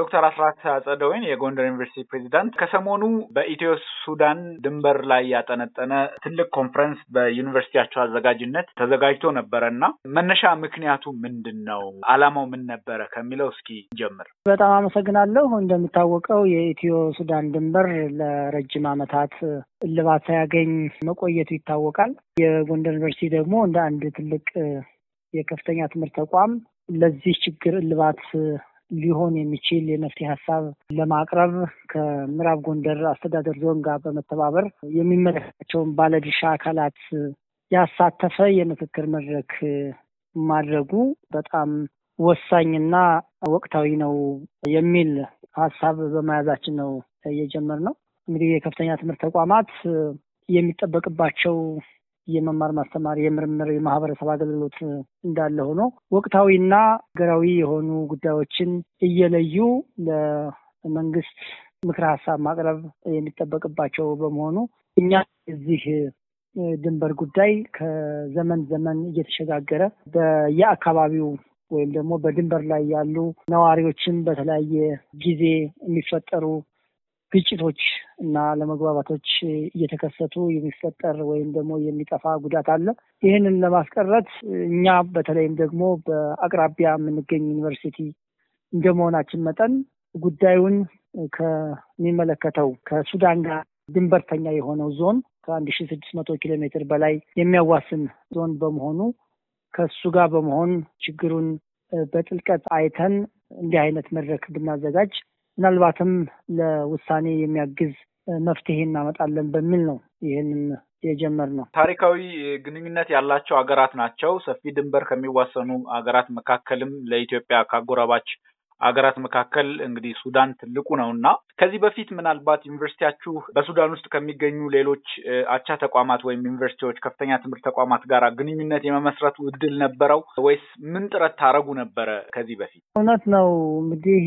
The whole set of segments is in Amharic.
ዶክተር አስራት አጸደወይን የጎንደር ዩኒቨርሲቲ ፕሬዚዳንት፣ ከሰሞኑ በኢትዮ ሱዳን ድንበር ላይ ያጠነጠነ ትልቅ ኮንፈረንስ በዩኒቨርሲቲያቸው አዘጋጅነት ተዘጋጅቶ ነበረ እና መነሻ ምክንያቱ ምንድን ነው? አላማው ምን ነበረ? ከሚለው እስኪ ጀምር። በጣም አመሰግናለሁ። እንደሚታወቀው የኢትዮ ሱዳን ድንበር ለረጅም ዓመታት እልባት ሳያገኝ መቆየቱ ይታወቃል። የጎንደር ዩኒቨርሲቲ ደግሞ እንደ አንድ ትልቅ የከፍተኛ ትምህርት ተቋም ለዚህ ችግር እልባት ሊሆን የሚችል የመፍትሄ ሀሳብ ለማቅረብ ከምዕራብ ጎንደር አስተዳደር ዞን ጋር በመተባበር የሚመለከታቸውን ባለድርሻ አካላት ያሳተፈ የምክክር መድረክ ማድረጉ በጣም ወሳኝና ወቅታዊ ነው የሚል ሀሳብ በመያዛችን ነው የጀመርነው። እንግዲህ የከፍተኛ ትምህርት ተቋማት የሚጠበቅባቸው የመማር ማስተማር፣ የምርምር፣ የማህበረሰብ አገልግሎት እንዳለ ሆኖ ወቅታዊና ሀገራዊ የሆኑ ጉዳዮችን እየለዩ ለመንግስት ምክረ ሀሳብ ማቅረብ የሚጠበቅባቸው በመሆኑ እኛ እዚህ ድንበር ጉዳይ ከዘመን ዘመን እየተሸጋገረ በየአካባቢው ወይም ደግሞ በድንበር ላይ ያሉ ነዋሪዎችን በተለያየ ጊዜ የሚፈጠሩ ግጭቶች እና ለመግባባቶች እየተከሰቱ የሚፈጠር ወይም ደግሞ የሚጠፋ ጉዳት አለ። ይህንን ለማስቀረት እኛ በተለይም ደግሞ በአቅራቢያ የምንገኝ ዩኒቨርሲቲ እንደመሆናችን መጠን ጉዳዩን ከሚመለከተው ከሱዳን ጋር ድንበርተኛ የሆነው ዞን ከአንድ ሺ ስድስት መቶ ኪሎ ሜትር በላይ የሚያዋስን ዞን በመሆኑ ከሱ ጋር በመሆን ችግሩን በጥልቀት አይተን እንዲህ አይነት መድረክ ብናዘጋጅ ምናልባትም ለውሳኔ የሚያግዝ መፍትሄ እናመጣለን በሚል ነው ይህንን የጀመር ነው። ታሪካዊ ግንኙነት ያላቸው ሀገራት ናቸው። ሰፊ ድንበር ከሚዋሰኑ ሀገራት መካከልም ለኢትዮጵያ ካጎራባች አገራት መካከል እንግዲህ ሱዳን ትልቁ ነው እና ከዚህ በፊት ምናልባት ዩኒቨርሲቲያችሁ በሱዳን ውስጥ ከሚገኙ ሌሎች አቻ ተቋማት ወይም ዩኒቨርሲቲዎች፣ ከፍተኛ ትምህርት ተቋማት ጋር ግንኙነት የመመስረቱ እድል ነበረው ወይስ ምን ጥረት ታረጉ ነበረ? ከዚህ በፊት እውነት ነው እንግዲህ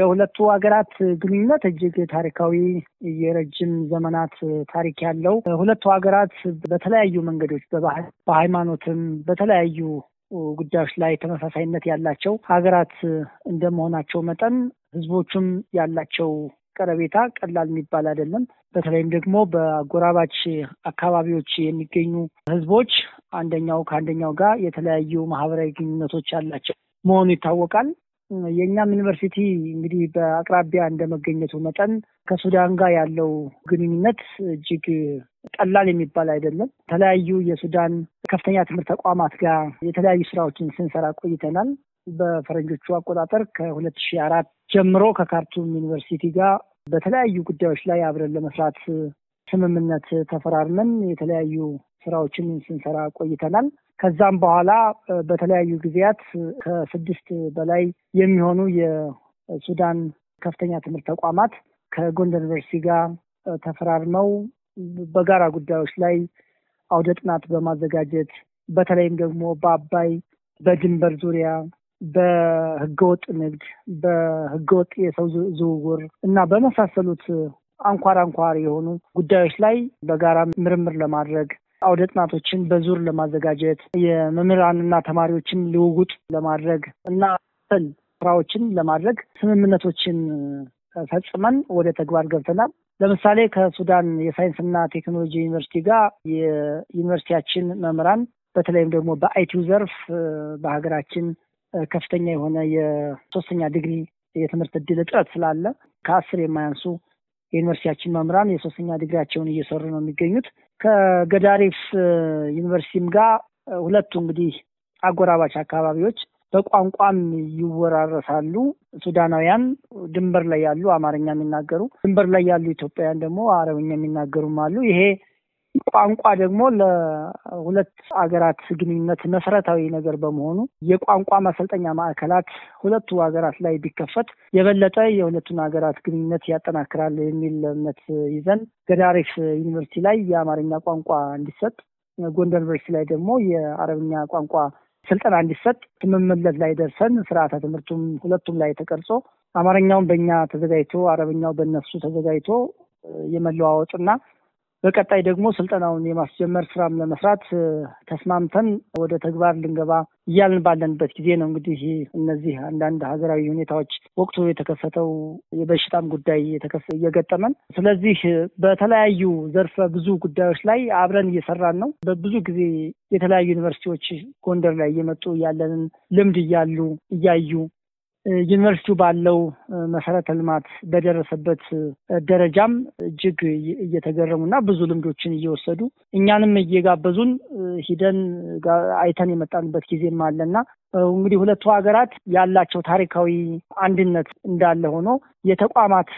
የሁለቱ ሀገራት ግንኙነት እጅግ ታሪካዊ የረጅም ዘመናት ታሪክ ያለው ሁለቱ ሀገራት በተለያዩ መንገዶች በሃይማኖትም በተለያዩ ጉዳዮች ላይ ተመሳሳይነት ያላቸው ሀገራት እንደመሆናቸው መጠን ህዝቦቹም ያላቸው ቀረቤታ ቀላል የሚባል አይደለም። በተለይም ደግሞ በአጎራባች አካባቢዎች የሚገኙ ህዝቦች አንደኛው ከአንደኛው ጋር የተለያዩ ማህበራዊ ግንኙነቶች ያላቸው መሆኑ ይታወቃል። የእኛም ዩኒቨርሲቲ እንግዲህ በአቅራቢያ እንደመገኘቱ መጠን ከሱዳን ጋር ያለው ግንኙነት እጅግ ቀላል የሚባል አይደለም። የተለያዩ የሱዳን ከፍተኛ ትምህርት ተቋማት ጋር የተለያዩ ስራዎችን ስንሰራ ቆይተናል። በፈረንጆቹ አቆጣጠር ከሁለት ሺህ አራት ጀምሮ ከካርቱም ዩኒቨርሲቲ ጋር በተለያዩ ጉዳዮች ላይ አብረን ለመስራት ስምምነት ተፈራርመን የተለያዩ ስራዎችን ስንሰራ ቆይተናል። ከዛም በኋላ በተለያዩ ጊዜያት ከስድስት በላይ የሚሆኑ የሱዳን ከፍተኛ ትምህርት ተቋማት ከጎንደር ዩኒቨርሲቲ ጋር ተፈራርመው በጋራ ጉዳዮች ላይ አውደ ጥናት በማዘጋጀት በተለይም ደግሞ በአባይ በድንበር ዙሪያ በህገወጥ ንግድ፣ በህገወጥ የሰው ዝውውር እና በመሳሰሉት አንኳር አንኳር የሆኑ ጉዳዮች ላይ በጋራ ምርምር ለማድረግ አውደ ጥናቶችን በዙር ለማዘጋጀት የመምህራንና ተማሪዎችን ልውውጥ ለማድረግ እና መሰል ስራዎችን ለማድረግ ስምምነቶችን ፈጽመን ወደ ተግባር ገብተናል። ለምሳሌ ከሱዳን የሳይንስና ቴክኖሎጂ ዩኒቨርሲቲ ጋር የዩኒቨርሲቲያችን መምህራን በተለይም ደግሞ በአይቲዩ ዘርፍ በሀገራችን ከፍተኛ የሆነ የሶስተኛ ዲግሪ የትምህርት እድል እጥረት ስላለ ከአስር የማያንሱ የዩኒቨርሲቲያችን መምህራን የሶስተኛ ዲግሪያቸውን እየሰሩ ነው የሚገኙት። ከገዳሪፍ ዩኒቨርሲቲም ጋር ሁለቱ እንግዲህ አጎራባች አካባቢዎች በቋንቋም ይወራረሳሉ። ሱዳናውያን ድንበር ላይ ያሉ አማርኛ የሚናገሩ፣ ድንበር ላይ ያሉ ኢትዮጵያውያን ደግሞ አረብኛ የሚናገሩም አሉ። ይሄ ቋንቋ ደግሞ ለሁለት አገራት ግንኙነት መሰረታዊ ነገር በመሆኑ የቋንቋ ማሰልጠኛ ማዕከላት ሁለቱ ሀገራት ላይ ቢከፈት የበለጠ የሁለቱን ሀገራት ግንኙነት ያጠናክራል የሚል እምነት ይዘን ገዳሪፍ ዩኒቨርሲቲ ላይ የአማርኛ ቋንቋ እንዲሰጥ፣ ጎንደር ዩኒቨርሲቲ ላይ ደግሞ የአረብኛ ቋንቋ ስልጠና እንዲሰጥ ስምምነት ላይ ደርሰን ስርዓተ ትምህርቱም ሁለቱም ላይ ተቀርጾ አማርኛውን በእኛ ተዘጋጅቶ አረብኛው በእነሱ ተዘጋጅቶ የመለዋወጥና በቀጣይ ደግሞ ስልጠናውን የማስጀመር ስራም ለመስራት ተስማምተን ወደ ተግባር ልንገባ እያልን ባለንበት ጊዜ ነው። እንግዲህ እነዚህ አንዳንድ ሀገራዊ ሁኔታዎች ወቅቱ የተከፈተው የበሽታም ጉዳይ እየገጠመን፣ ስለዚህ በተለያዩ ዘርፈ ብዙ ጉዳዮች ላይ አብረን እየሰራን ነው። በብዙ ጊዜ የተለያዩ ዩኒቨርሲቲዎች ጎንደር ላይ እየመጡ ያለንን ልምድ እያሉ እያዩ ዩኒቨርሲቲው ባለው መሰረተ ልማት በደረሰበት ደረጃም እጅግ እየተገረሙና ብዙ ልምዶችን እየወሰዱ እኛንም እየጋበዙን ሂደን አይተን የመጣንበት ጊዜም አለና እንግዲህ ሁለቱ ሀገራት ያላቸው ታሪካዊ አንድነት እንዳለ ሆኖ የተቋማት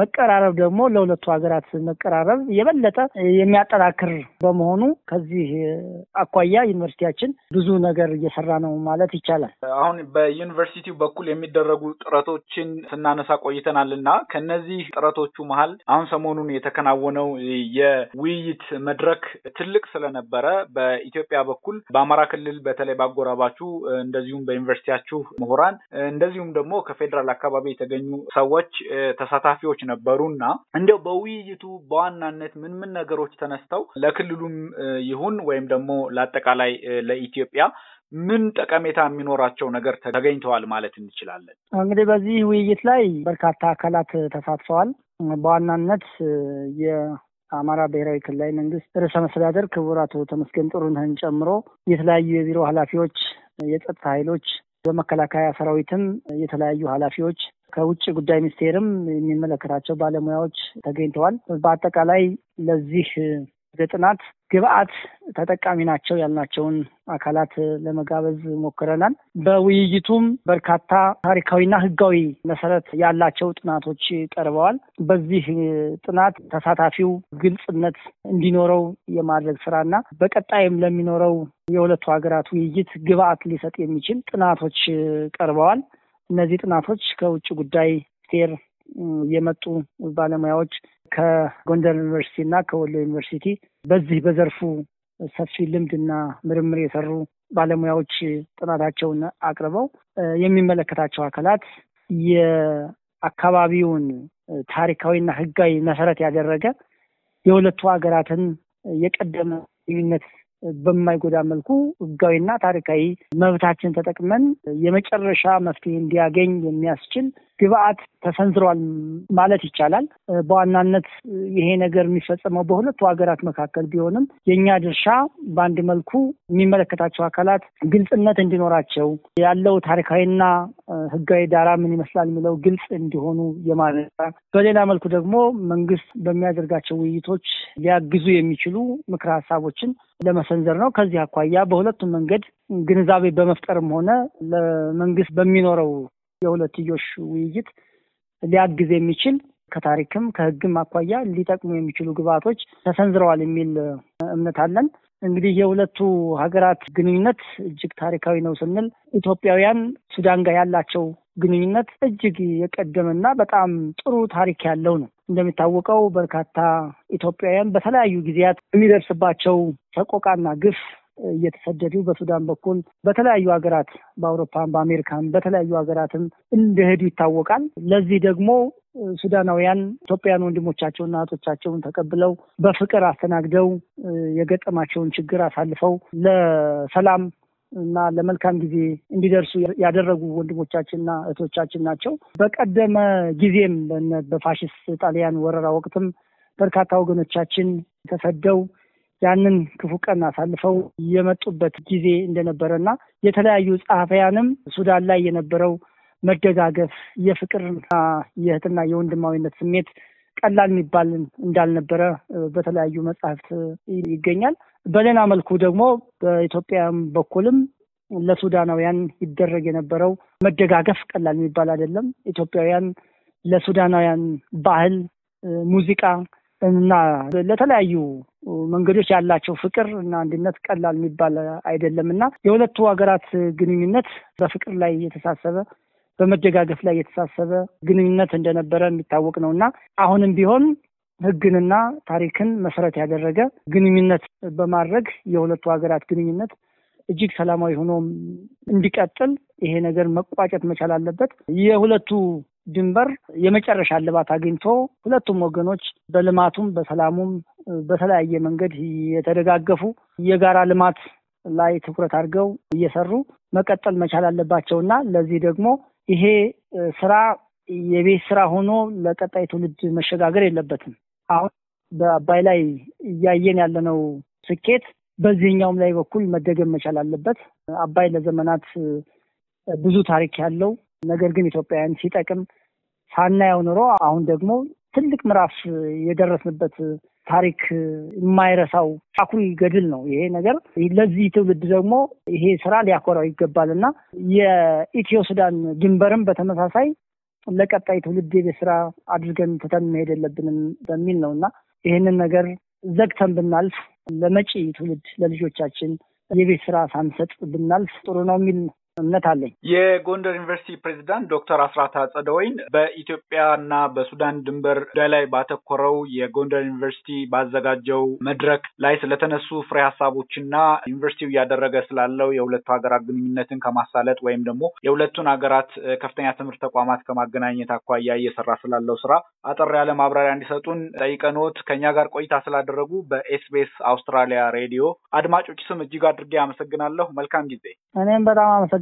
መቀራረብ ደግሞ ለሁለቱ ሀገራት መቀራረብ የበለጠ የሚያጠናክር በመሆኑ ከዚህ አኳያ ዩኒቨርሲቲያችን ብዙ ነገር እየሰራ ነው ማለት ይቻላል። አሁን በዩኒቨርሲቲው በኩል የሚደረጉ ጥረቶችን ስናነሳ ቆይተናል እና ከነዚህ ጥረቶቹ መሀል አሁን ሰሞኑን የተከናወነው የውይይት መድረክ ትልቅ ስለነበረ በኢትዮጵያ በኩል በአማራ ክልል በተለይ ባጎራባችሁ፣ እንደዚሁም በዩኒቨርሲቲያችሁ ምሁራን እንደዚሁም ደግሞ ከፌዴራል አካባቢ የተገኙ ሰዎች ተሳታፊዎች ጥያቄዎች ነበሩና እንዲያው በውይይቱ በዋናነት ምን ምን ነገሮች ተነስተው ለክልሉም ይሁን ወይም ደግሞ ለአጠቃላይ ለኢትዮጵያ ምን ጠቀሜታ የሚኖራቸው ነገር ተገኝተዋል ማለት እንችላለን? እንግዲህ በዚህ ውይይት ላይ በርካታ አካላት ተሳትፈዋል። በዋናነት የአማራ ብሔራዊ ክልላዊ መንግስት ርዕሰ መስተዳደር ክቡር አቶ ተመስገን ጥሩነህን ጨምሮ የተለያዩ የቢሮ ኃላፊዎች፣ የጸጥታ ኃይሎች፣ በመከላከያ ሰራዊትም የተለያዩ ኃላፊዎች ከውጭ ጉዳይ ሚኒስቴርም የሚመለከታቸው ባለሙያዎች ተገኝተዋል። በአጠቃላይ ለዚህ ጥናት ግብአት ተጠቃሚ ናቸው ያልናቸውን አካላት ለመጋበዝ ሞክረናል። በውይይቱም በርካታ ታሪካዊና ሕጋዊ መሰረት ያላቸው ጥናቶች ቀርበዋል። በዚህ ጥናት ተሳታፊው ግልጽነት እንዲኖረው የማድረግ ስራና በቀጣይም ለሚኖረው የሁለቱ ሀገራት ውይይት ግብአት ሊሰጥ የሚችል ጥናቶች ቀርበዋል። እነዚህ ጥናቶች ከውጭ ጉዳይ ሚኒስቴር የመጡ ባለሙያዎች ከጎንደር ዩኒቨርሲቲ እና ከወሎ ዩኒቨርሲቲ በዚህ በዘርፉ ሰፊ እና ምርምር የሰሩ ባለሙያዎች ጥናታቸውን አቅርበው የሚመለከታቸው አካላት የአካባቢውን ታሪካዊና ሕጋዊ መሰረት ያደረገ የሁለቱ ሀገራትን የቀደመ ልዩነት በማይጎዳ መልኩ ህጋዊና ታሪካዊ መብታችን ተጠቅመን የመጨረሻ መፍትሄ እንዲያገኝ የሚያስችል ግብአት ተሰንዝሯል ማለት ይቻላል። በዋናነት ይሄ ነገር የሚፈጸመው በሁለቱ ሀገራት መካከል ቢሆንም የእኛ ድርሻ በአንድ መልኩ የሚመለከታቸው አካላት ግልጽነት እንዲኖራቸው ያለው ታሪካዊና ሕጋዊ ዳራ ምን ይመስላል የሚለው ግልጽ እንዲሆኑ የማለት በሌላ መልኩ ደግሞ መንግስት በሚያደርጋቸው ውይይቶች ሊያግዙ የሚችሉ ምክረ ሀሳቦችን ለመሰንዘር ነው። ከዚህ አኳያ በሁለቱም መንገድ ግንዛቤ በመፍጠርም ሆነ ለመንግስት በሚኖረው የሁለትዮሽ ውይይት ሊያግዝ የሚችል ከታሪክም ከህግም አኳያ ሊጠቅሙ የሚችሉ ግብዓቶች ተሰንዝረዋል የሚል እምነት አለን። እንግዲህ የሁለቱ ሀገራት ግንኙነት እጅግ ታሪካዊ ነው ስንል ኢትዮጵያውያን ሱዳን ጋር ያላቸው ግንኙነት እጅግ የቀደመና በጣም ጥሩ ታሪክ ያለው ነው። እንደሚታወቀው በርካታ ኢትዮጵያውያን በተለያዩ ጊዜያት የሚደርስባቸው ሰቆቃና ግፍ እየተሰደዱ በሱዳን በኩል በተለያዩ ሀገራት በአውሮፓን በአሜሪካን በተለያዩ ሀገራትም እንደሄዱ ይታወቃል። ለዚህ ደግሞ ሱዳናውያን ኢትዮጵያን ወንድሞቻቸውና እህቶቻቸውን ተቀብለው በፍቅር አስተናግደው የገጠማቸውን ችግር አሳልፈው ለሰላም እና ለመልካም ጊዜ እንዲደርሱ ያደረጉ ወንድሞቻችንና እህቶቻችን ናቸው። በቀደመ ጊዜም በፋሽስት ጣሊያን ወረራ ወቅትም በርካታ ወገኖቻችን ተሰደው ያንን ክፉ ቀን አሳልፈው የመጡበት ጊዜ እንደነበረ እና የተለያዩ ጸሐፊያንም ሱዳን ላይ የነበረው መደጋገፍ፣ የፍቅርና የእህትና የወንድማዊነት ስሜት ቀላል የሚባል እንዳልነበረ በተለያዩ መጽሐፍት ይገኛል። በሌላ መልኩ ደግሞ በኢትዮጵያም በኩልም ለሱዳናውያን ይደረግ የነበረው መደጋገፍ ቀላል የሚባል አይደለም። ኢትዮጵያውያን ለሱዳናውያን ባህል፣ ሙዚቃ እና ለተለያዩ መንገዶች ያላቸው ፍቅር እና አንድነት ቀላል የሚባል አይደለም እና የሁለቱ ሀገራት ግንኙነት በፍቅር ላይ የተሳሰበ በመደጋገፍ ላይ የተሳሰበ ግንኙነት እንደነበረ የሚታወቅ ነው እና አሁንም ቢሆን ሕግንና ታሪክን መሰረት ያደረገ ግንኙነት በማድረግ የሁለቱ ሀገራት ግንኙነት እጅግ ሰላማዊ ሆኖ እንዲቀጥል ይሄ ነገር መቋጨት መቻል አለበት። የሁለቱ ድንበር የመጨረሻ እልባት አግኝቶ ሁለቱም ወገኖች በልማቱም በሰላሙም በተለያየ መንገድ የተደጋገፉ የጋራ ልማት ላይ ትኩረት አድርገው እየሰሩ መቀጠል መቻል አለባቸው እና ለዚህ ደግሞ ይሄ ስራ የቤት ስራ ሆኖ ለቀጣይ ትውልድ መሸጋገር የለበትም። አሁን በአባይ ላይ እያየን ያለነው ስኬት በዚህኛውም ላይ በኩል መደገም መቻል አለበት። አባይ ለዘመናት ብዙ ታሪክ ያለው ነገር ግን ኢትዮጵያውያን ሲጠቅም ሳናየው ኑሮ አሁን ደግሞ ትልቅ ምዕራፍ የደረስንበት ታሪክ የማይረሳው አኩሪ ገድል ነው ይሄ ነገር። ለዚህ ትውልድ ደግሞ ይሄ ስራ ሊያኮራው ይገባል እና የኢትዮ ሱዳን ድንበርም በተመሳሳይ ለቀጣይ ትውልድ የቤት ስራ አድርገን ትተን መሄድ የለብንም በሚል ነው እና ይህንን ነገር ዘግተን ብናልፍ ለመጪ ትውልድ ለልጆቻችን የቤት ስራ ሳንሰጥ ብናልፍ ጥሩ ነው የሚል ነው። እምነት አለኝ። የጎንደር ዩኒቨርሲቲ ፕሬዚዳንት ዶክተር አስራት አጸደወይን በኢትዮጵያና በሱዳን ድንበር ጉዳይ ላይ ባተኮረው የጎንደር ዩኒቨርሲቲ ባዘጋጀው መድረክ ላይ ስለተነሱ ፍሬ ሀሳቦችና ዩኒቨርሲቲው እያደረገ ስላለው የሁለቱ ሀገራት ግንኙነትን ከማሳለጥ ወይም ደግሞ የሁለቱን ሀገራት ከፍተኛ ትምህርት ተቋማት ከማገናኘት አኳያ እየሰራ ስላለው ስራ አጠር ያለ ማብራሪያ እንዲሰጡን ጠይቀኖት ከእኛ ጋር ቆይታ ስላደረጉ በኤስቢኤስ አውስትራሊያ ሬዲዮ አድማጮች ስም እጅግ አድርጌ አመሰግናለሁ። መልካም ጊዜ። እኔም በጣም